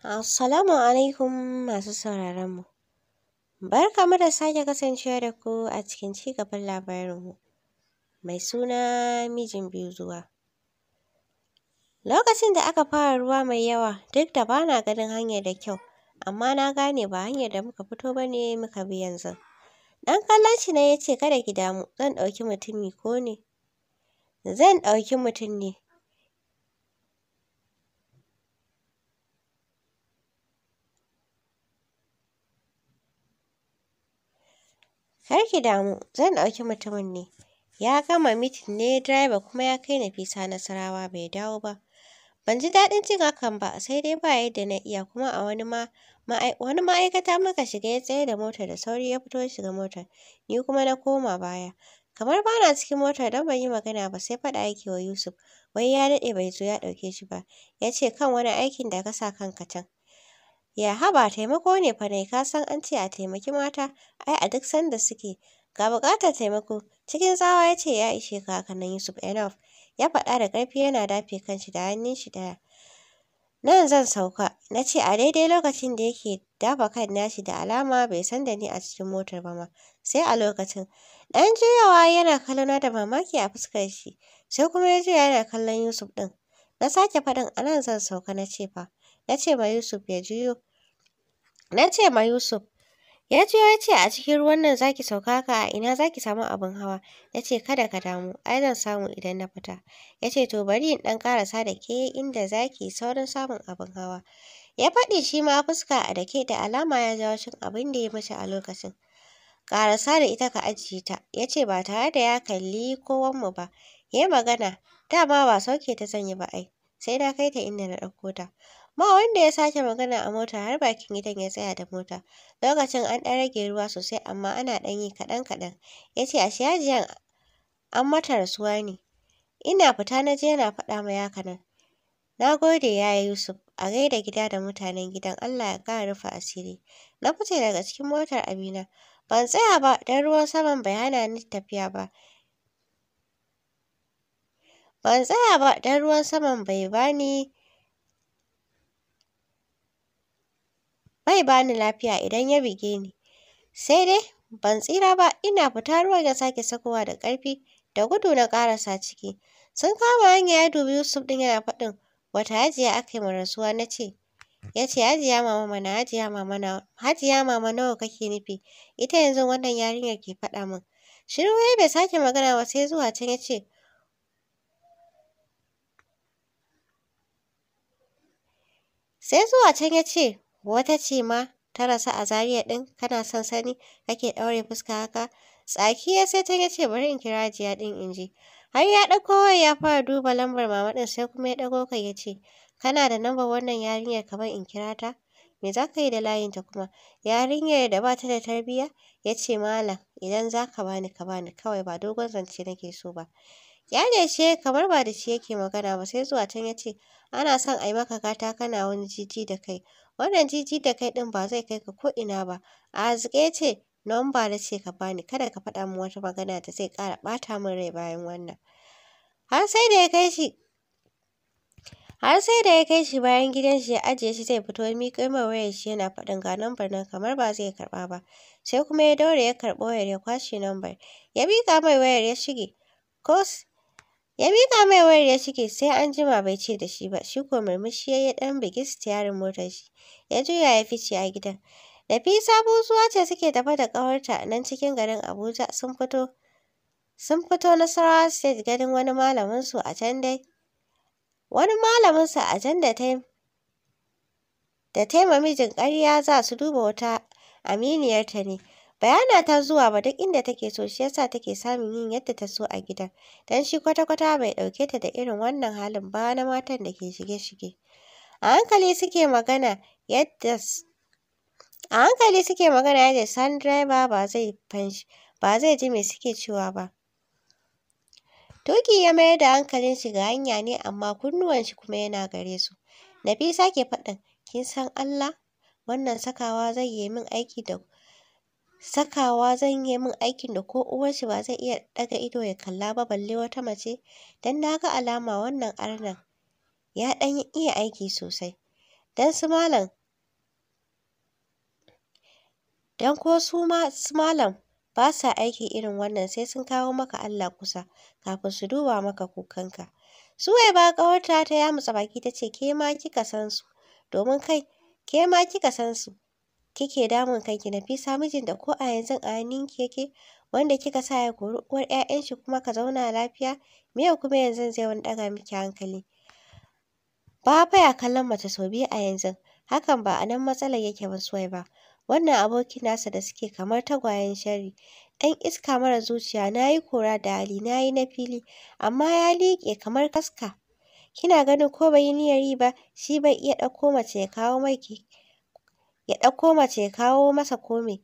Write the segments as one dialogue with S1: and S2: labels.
S1: Assalamu alaikum masu sauraron mu. Barkamu da sake kasancewa da ku a cikin cigaban labarinmu. Mai suna mijin biyu zuwa. Lokacin da aka fara ruwa mai yawa duk da bana ganin hanyar da kyau, amma na gane ba hanyar da muka fito ba ne muka bi yanzu. Ɗan kallon shi ne ya ce kada ki damu zan ɗauki mutumi ko ne. Zan ɗauki mutum ne Kar ki damu, zan ɗauki mutumin ne. Ya gama mitin ne direba kuma ya kai Nafisa Nasarawa bai dawo ba. Ban ji daɗin jin hakan ba, sai dai ba yadda na iya kuma a wani ma wani ma'aikata muka shiga ya tsaye da motar da sauri ya fito shiga motar, ni kuma na koma baya. Kamar bana cikin motar don ban yi magana ba sai faɗa yake wa Yusuf, wai ya daɗe bai zo ya ɗauke shi ba, ya ce kan wani aikin da ka sa kanka can. Ya haba taimako ne fa dai ka san an ce a taimaki mata ai a duk sanda suke. Ga buƙatar taimako cikin tsawa ya ce ya ishe ka Yusuf enough. Ya faɗa da ƙarfi yana dafe kanshi da hannun shi ɗaya. Nan zan sauka na ce a daidai lokacin da yake dafa kan nashi da alama bai san da ni a cikin motar ba ma sai a lokacin. Ɗan juyawa yana kallona da mamaki a fuskar shi sai kuma ya juya yana kallon Yusuf ɗin. Na sake faɗin a nan zan sauka na ce fa. Na ce ma Yusuf ya juyo Na ce ma Yusuf, ya jiyo ya ce a cikin ruwan nan za ki sauka ka a ina za ki samu abin hawa. Ya ce kada ka damu, ai zan samu idan na fita. Ya ce to bari in ɗan ƙarasa da ke inda zaki saurin samun abin hawa. Ya faɗi shi ma fuska a dake da alama ya jawo cin abin da ya mace a lokacin. Ƙarasa da ita ka ajiye ta, ya ce ba tare da ya kalli kowanmu ba. Ya magana, dama ba sauke ta zan yi ba ai, sai na kai ta inda na ɗauko ta. ba wanda ya sake magana a mota har bakin gidan ya tsaya da mota lokacin an ɗan rage ruwa sosai amma ana ɗan yi kaɗan kaɗan ya ce ashe yajiyan an mata rasuwa ne ina fita na je yana faɗa ma nan. na gode yi yusuf a gaida gida da mutanen gidan allah ya ƙara rufe asiri na fice daga cikin motar abina ban tsaya ba don ruwan saman bai hana ni tafiya ba ban tsaya ba don ruwan saman bai bani bai bani lafiya idan ya buge ni. Sai dai ban tsira ba ina fita ruwan ya sake sakowa da ƙarfi da gudu na ƙarasa ciki. Sun kama hanya ya dubi Yusuf ɗin yana faɗin wata hajiya aka yi rasuwa na ce. Ya ce hajiya mama mana hajiya mama na hajiya mama nawa kake nufi ita yanzu wannan yarinyar ke faɗa min. Shiru ya bai sake magana ba sai zuwa can ya ce sai zuwa can ya ce Wata ce ma ta rasa a Zariya din? kana son sani kake ɗaure fuska haka. Tsaki ya sai ta ce bari in kira jiya din in ji. Har ya ɗauko waya ya fara duba lambar mama din sai kuma ya ɗago ka ya ce kana da lambar wannan yarinyar kamar in kira ta. Me za ka yi da layinta kuma? Yarinyar da ba ta da tarbiyya? Ya ce malam idan za ka bani ka bani kawai ba dogon zance nake so ba. Ya ne shi kamar ba da shi yake magana ba sai zuwa can ya ce ana son a yi maka gata kana wani jiji da kai wannan jiji da kai ɗin ba zai kai ka ko ina ba a zike ce nomba da ce ka bani kada ka faɗa min wata magana da zai ƙara ɓata min rai bayan wannan har sai da ya kai shi har sai da ya kai shi bayan gidan shi ya ajiye shi zai fito ya miƙo mai wayar shi yana faɗin ga lambar nan kamar ba zai karɓa ba sai kuma ya daure ya karɓi wayar ya kwashe lambar ya miƙa mai wayar ya shige kos Ya mika mai wayar ya cike sai an jima bai ce da shi ba, shi ko murmushi ya yi ɗan bigi tiyarin motar shi, ya juya ya fice a gidan. Nafisa zuwa ce suke tafa da ƙawarta nan cikin garin Abuja sun fito sun fito Nasarawa State ganin wani malamin a can dai. Wani malamin a can da ta da taima mijin ƙarya za su duba wata aminiyarta ne. Bayana ta zuwa ba duk inda take so shi yasa take samun yin yadda ta so a gidan. Dan shi kwata-kwata bai ɗauke ta da irin wannan halin ba na matan da ke shige-shige. A hankali suke magana yadda a hankali suke magana yadda san driver ba zai fanshi ba zai ji me suke cewa ba. Tuki ya mayar da hankalin shi ga hanya ne amma kunnuwan shi kuma yana gare su. Nafisa ke faɗin kin san Allah wannan sakawa zai yi min aiki da ku. sakawa zan yi min aikin da ko uwar shi ba zai iya daga ido ya kalla ba balle wata mace dan na ga alama wannan arnan ya dan iya aiki sosai dan su malam dan ko su ma su malam ba sa aiki irin wannan sai sun kawo maka Allah kusa kafin su duba maka kukanka su ba ƙawarta ta ya mutsa baki ta ce ke ma kika san su domin kai ke ma kika san su kike damun kanki Nafisa mijin da ko a yanzu a hannunki yake wanda kika sa ya kori uwar ƴaƴan shi kuma ka zauna lafiya me ya kuma yanzu zai wani ɗaga miki hankali ba fa ya kallon mace sau biyu a yanzu hakan ba a nan matsalar yake ba suwai ba wannan aboki nasa da suke kamar tagwayen sharri ɗan iska mara zuciya na yi kora da hali na yi na fili amma ya liƙe kamar kaska kina ganin ko bai yi niyyar yi ba shi bai iya ɗauko mace ya kawo mai ya ɗauko mace ya kawo masa komai.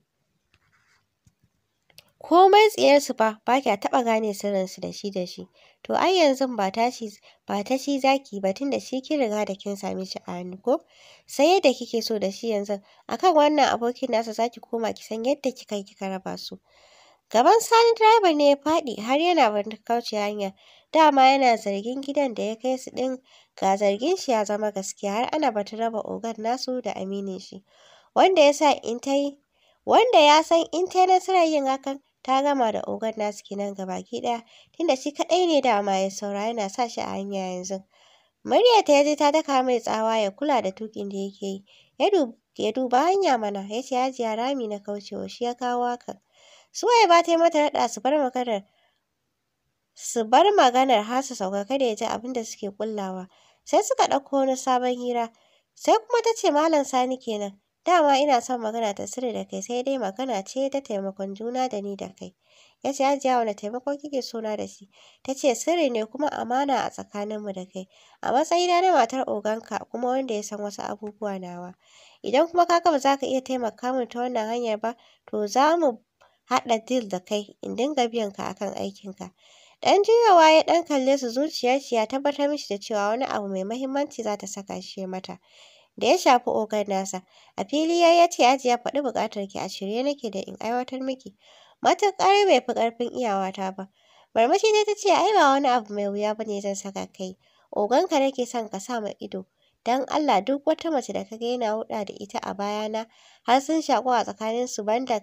S1: komai tsiyarsu fa ba kya taɓa gane sirrinsu da shi da shi to ai yanzu ba ta shi ba ta shi zaki ba tun da shi kin riga da kin same shi a hannu ko sai yadda kike so da shi yanzu akan wannan abokin nasa za ki koma ki san yadda kika kika raba su gaban sani driver ne ya faɗi har yana ban kauce hanya dama yana zargin gidan da ya kai su ɗin ga zargin shi ya zama gaskiya har ana bata raba ogan nasu da aminin shi wanda ya sa in ta yi wanda ya san in ta yi nasarar yin hakan ta gama da ogan nasu kenan gabaki ɗaya tunda shi kaɗai ne dama ya saura yana sa shi a hanya yanzu murya ta yaje ta daka mai tsawa ya kula da tukin da yake yi ya duba hanya mana ya ce hajiya rami na kaucewa shi ya kawo hakan suwaye ba ta yi mata raɗa su bar maganar su bar maganar har su sauka kada ya ji abin da suke ƙullawa. sai suka ɗauko wani sabon hira sai kuma ta ce malam sani kenan Dama ina son magana ta sirri da kai sai dai magana ce ta taimakon juna da ni da kai. Ya ce ajiya wani taimako kike suna da shi? Ta ce sirri ne kuma amana a tsakaninmu da kai. A matsayina na matar oganka kuma wanda ya san wasu abubuwa nawa. Idan kuma ka ba za ka iya taimaka min ta wannan hanyar ba, to za mu haɗa dil da kai in dinga biyan ka akan aikinka. Ɗan juyawa ya ɗan kalle su zuciyar shi ya tabbatar mishi da cewa wani abu mai mahimmanci za ta saka shi mata. da ya shafi ogan nasa. A fili ya ce ajiya faɗi buƙatar ki a shirye nake da in aiwatar miki. Matan bai fi ƙarfin iyawata ba. Marmashi dai ta ce ai ba wani abu mai wuya ba ne zan saka kai. Oganka nake son ka sa ma ido. Dan Allah duk wata mace da kaga yana huɗa da ita a bayana har sun shaƙo a su banda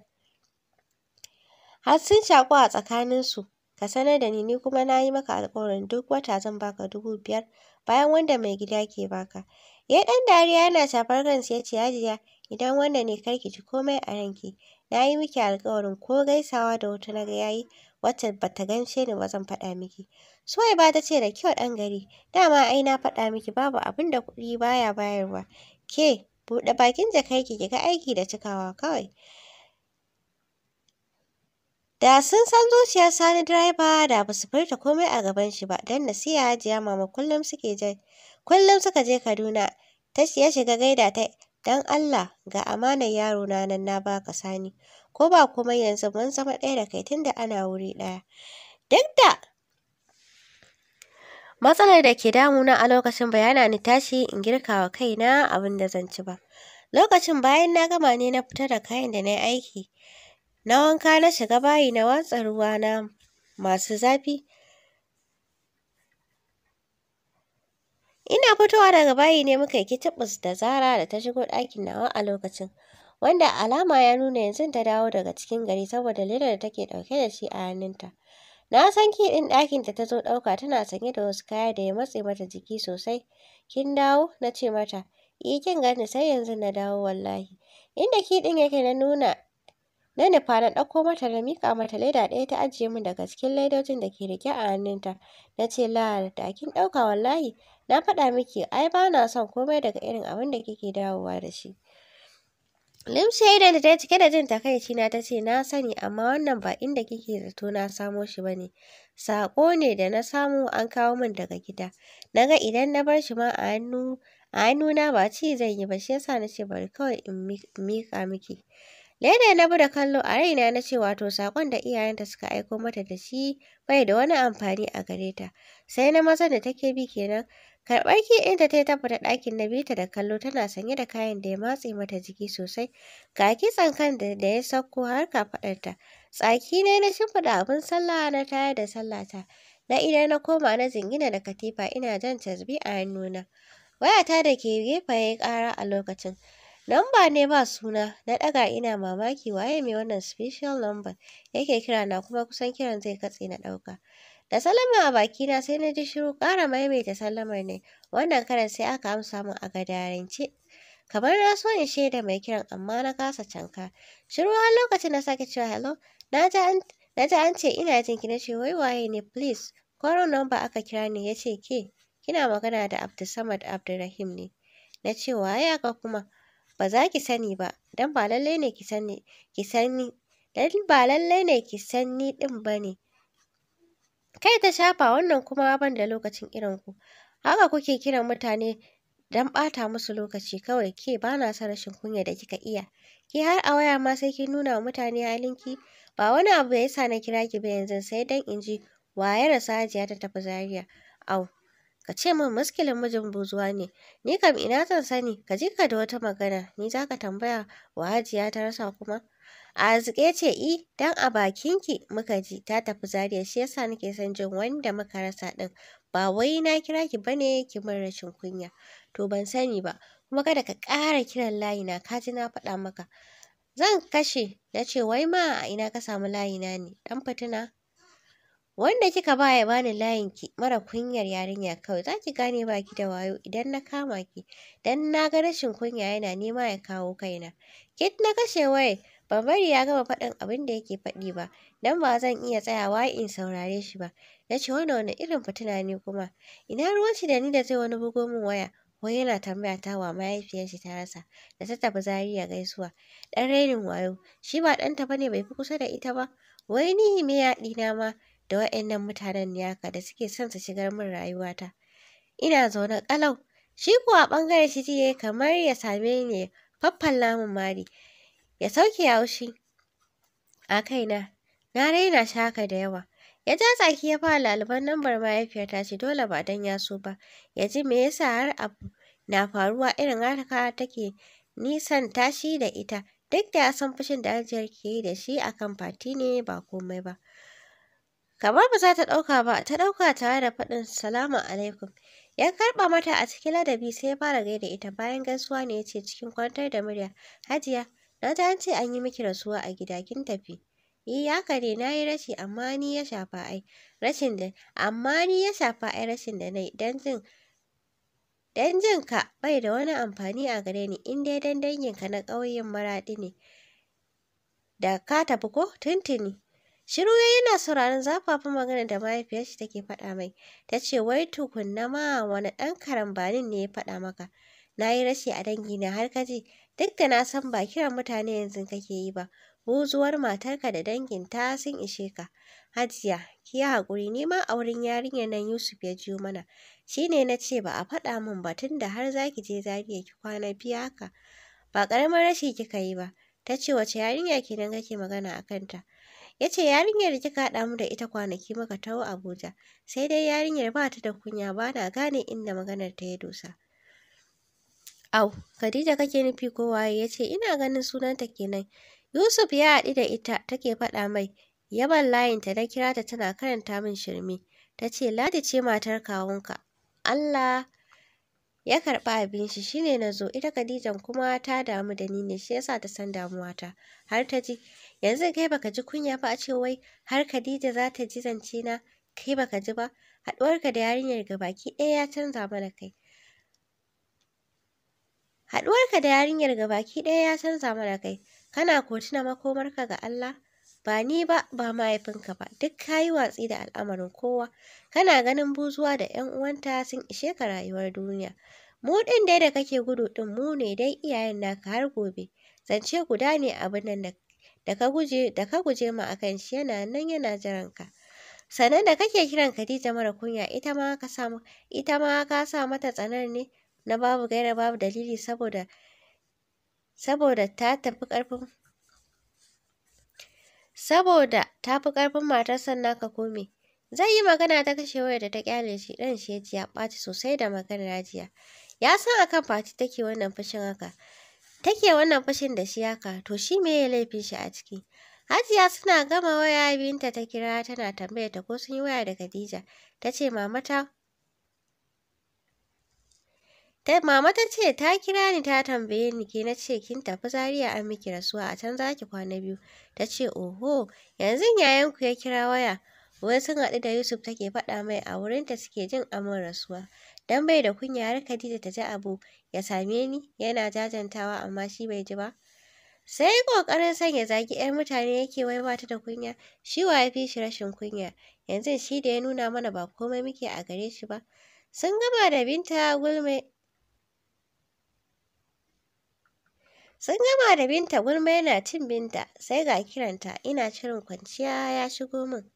S1: har sun shaƙo a su ka sanar da ni ni kuma na yi maka alƙawarin duk wata zan baka dubu biyar bayan wanda mai gida ke baka Ya ɗan dariya yana shafar kansa ya ce Hajiya idan wannan ne kar ki ji komai a ranki. Na yi miki alkawarin ko gaisawa da wata na ga yayi wacce ta gaishe ni ba zan faɗa miki. Suwaiba ta ce da kyau ɗan gari dama ai na faɗa miki babu abin da kuɗi baya bayarwa. Ke buɗe bakin jakarki ki ga aiki da cikawa kawai. Da sun san zuciyar Sani direba da ba su furta komai a gaban shi ba don nasiya jiya mama kullum suke je kullum suka je Kaduna ta ya shiga gaida ta dan Allah ga amanar yaro na nan na baka Sani ko ba kuma yanzu mun zama ɗaya da kai tunda ana wuri ɗaya duk da matsalar da ke damuna a lokacin bayana ni tashi in girka wa kaina abin da zan ci ba lokacin bayan na gama ne na fita da kayan da na yi aiki Na wanka na shiga bayi na watsa ruwa na masu zafi. Ina fitowa daga bayi ne muka yi kitibus da Zara da ta shigo ɗakin nawa a lokacin, wanda alama ya nuna yanzu ta dawo daga cikin gari saboda ledar da take ɗauke da shi a hannunta. Na san ki ɗin ɗakinta ta zo ɗauka tana sanye da wasu kaya da ya matse mata jiki sosai. Kin dawo? Na ce mata, E, kin gani sai yanzu na dawo wallahi. Inda ki ɗin yake na nuna Na nufa na ɗauko mata na miƙa mata leda ɗaya ta ajiye min daga cikin ledojin da ke riƙe a hannunta. Na ce la da kin ɗauka wallahi na faɗa miki ai ba na son komai daga irin abin da kike dawowa da shi. Limshe idan da ta cike da jin takaici na ta ce na sani amma wannan ba inda kike zato na samo shi ba ne. Saƙo ne da na samu an kawo min daga gida. Na ga idan na bar shi ma a hannu a hannuna ba ci zan yi ba shi yasa na ce bari kawai in miƙa miki. Leda na bi da kallo a raina na ce wato sakon da iyayenta suka aiko mata da shi bai da wani amfani a gare ta. Sai na maza da take bi kenan. Karɓar ki inda ta tabbata ɗakin na bita da kallo tana sanye da kayan da ya matse mata jiki sosai. Ga kitsan kan da ya sauko har kafaɗarta. Tsaki ne na shimfiɗa abin sallah na tayar da sallata. Na ina na koma na zingina da katifa ina jan casbi a hannuna. Wayata da ke gefe ya ƙara a lokacin. Lamba ne ba suna, na ɗaga ina mamaki waye mai wannan special number yake kira na kuma kusan kiran zai katse na ɗauka. Da sallama a bakina sai na ji shiru ƙara maimaita sallamar ne, wannan karan sai aka amsa min a gadarance. Kamar na so in shaida mai kiran amma na kasa canka. Shiru har lokacin na sake cewa hello, na ji an ce ina jin ki na ce wai waye ne please, koro number aka kira ne, ya ce ke, kina magana da Abdulsamad Abdulrahim ne. Na ce waye haka kuma? ba za ki sani ba don ba lallai ne ki sani ki sani don ba lallai ne ki sani din ne kai ta shafa wannan kuma ban da lokacin irin ku haka kuke kiran mutane don bata musu lokaci kawai ke ba na son rashin kunya da kika iya ki har a waya ma sai ki nuna wa mutane halin halinki ba wani abu ya sa na kira ki ba yanzu sai dan in ji wa ya rasa ajiya ta tafi zaria au ka ce min muskilin mijin buzuwa ne ni kam ina zan sani ka ji ka da wata magana ni za ka tambaya wa hajiya ta rasa kuma a arzike ce i e, dan a bakinki muka ji ta tafi zariya shi yasa nake son jin wanda muka rasa din ba wai na kira ki bane ki mun rashin kunya to ban sani ba kuma kada ka ƙara kiran layina ka ji na faɗa maka zan kashe na ce wai ma a ina ka samu layina ne ɗan fitina Wanda kika ba ya bani layin ki mara kunyar yarinya kawai zaki gane baki da wayo idan na kama ki dan na ga rashin kunya yana nema ya kawo kaina. Kit na kashe waye ban bari ya gama faɗin abin da yake faɗi ba dan ba zan iya tsayawa in saurare shi ba. Na ce wannan wani irin fitina ne kuma ina ruwan shi da ni da zai wani bugo min waya wai yana tambaya ta wa mahaifiyar shi ta rasa da ta tafi Zariya gaisuwa. Dan rainin wayo shi ba ɗanta bane bai fi kusa da ita ba wai ni me yaɗi na ma da wa'annan mutanen ne haka da suke son su shigar min rayuwata ina zaune ƙalau shi kuwa ɓangaren shi ji kamar ya same ni faffan lamun mari ya sauke haushi a kaina na raina shaka da yawa ya ja tsaki ya fara laliban lambar mahaifiyarta ce dole ba dan ya so ba ya ji me yasa har abu na faruwa irin haka take nisan tashi da ita duk da ya san fushin da ajiyar ke yi da shi akan fati ne ba komai ba kamar ba za ta ɗauka ba ta ɗauka tare da faɗin salamu alaikum ya karɓa mata a cikin ladabi sai ya fara gaida ita bayan gaisuwa ne ya ce cikin kwantar da murya hajiya na ta an ce an yi miki rasuwa a gida kin tafi yi eh, haka ne na yi rashi amma ni ya shafa ai rashin da amma ni ya shafa ai rashin da nai dan jin dan jin ka bai da wani amfani a gare ni in dai dan danginka na ƙauyen maraɗi ne da ka tafi ko tuntuni Shiru ya yana sauraron zafafin maganar da mahaifiyar shi take faɗa mai. Ta ce wai tukunna ma wani ɗan karambanin ne ya faɗa maka. Na yi rashi a dangi na har kaji duk da na san ba kiran mutane yanzu kake yi ba. Buzuwar matarka da dangin ta sun ishe ka. Hajiya, ki yi haƙuri ni ma a wurin yarinyar nan Yusuf ya jiyo mana. Shi ne na ce ba a faɗa min ba tun da har za ki je Zariya ki kwana biya haka. Ba ƙaramin rashi kika yi ba. Ta ce wace yarinya kenan kake magana a kanta. ya ce yarinyar kika haɗa mu da ita kwanaki maka taho abuja sai dai yarinyar ba ta da kunya ba na gane inda maganar ta ya dosa au khadija kake nufi ko waye ya ce ina ganin sunanta kenan yusuf ya haɗu da ita take faɗa mai yaban layinta na kira ta tana karanta min shirme ta ce ladi ce matar kawunka allah ya karɓa abin shi shine na zo ita Khadijan kuma ta damu da ni ne shi yasa ta san damuwata har ta ji yanzu kai baka ji kunya ba a ce wai har Khadija za ta ji zance na kai baka ji ba haduwarka da yarinyar gabaki baki ɗaya ya canza mana kai da yarinyar ga ɗaya ya canza mana kai kana kotuna makomarka ga Allah ba ni ba ba mahaifinka ba duk kayi watsi da al'amarin kowa kana ganin buzuwa da 'yan uwanta sun ishe ka rayuwar duniya mu ɗin dai da kake gudu ɗin mu ne dai iyayen naka har gobe zance guda ne abin nan da da ka guje da ka guje ma akan shi yana nan yana jiran ka sannan da kake kiran Khadija mara kunya ita ma ka samu ita ma ka sa mata tsanar ne na babu gaira babu dalili saboda saboda ta tafi ƙarfin saboda ta fi ƙarfin matar sannan ka kome zai yi magana ta kashe wayar da ta kyale shi dan shi ya ɓaci sosai da maganar Hajiya ya san akan Fati take wannan fushin haka take wannan fashin da shi haka to shi me ya laifin shi a ciki Hajiya suna gama waya binta ta kira tana tambaya ta ko sun yi waya da Khadija ta ce mama ta ta mama ta ce ta kira ni ta tambaye ni ke na ce kin tafi Zaria an miki rasuwa a can zaki kwana biyu ta ce oho yanzu yayanku ya kira waya wai sun haɗu da Yusuf take faɗa mai a wurin ta suke jin amin rasuwa dan bai da kunya har Khadija ta ji abu ya same ni yana jajantawa amma shi bai ji ba sai ƙoƙarin sanya zagi ‘yar mutane yake wai ba da kunya shi wa ya fi shi rashin kunya yanzu shi da ya nuna mana ba komai muke a gare shi ba sun gama da binta gulme sun gama da binta gulma yana cin binta sai ga kiranta ina shirin kwanciya ya shigo min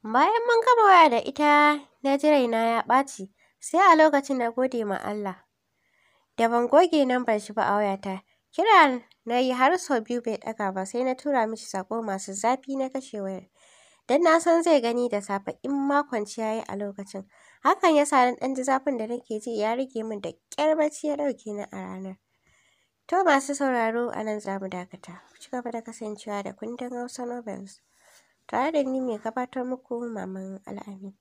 S1: Bayan mun gama waya da ita na ji raina ya ɓaci, sai a lokacin na gode ma Allah da ban goge nambar shi ba a wayata. Kira na yi har sau biyu bai ɗaga ba sai na tura mishi sako masu zafi na kashe wayar. Dan na san zai gani da safe in ma kwanciya ya yi a lokacin. Hakan ya sa na ɗan ji zafin da nake ji ya rage min da ƙyar bacci ya ɗauke ni a ranar. To masu sauraro a nan za mu dakata. Ku ci gaba da kasancewa da kundin Hausa Novels. tare da ni mai gabatar muku maman al'amin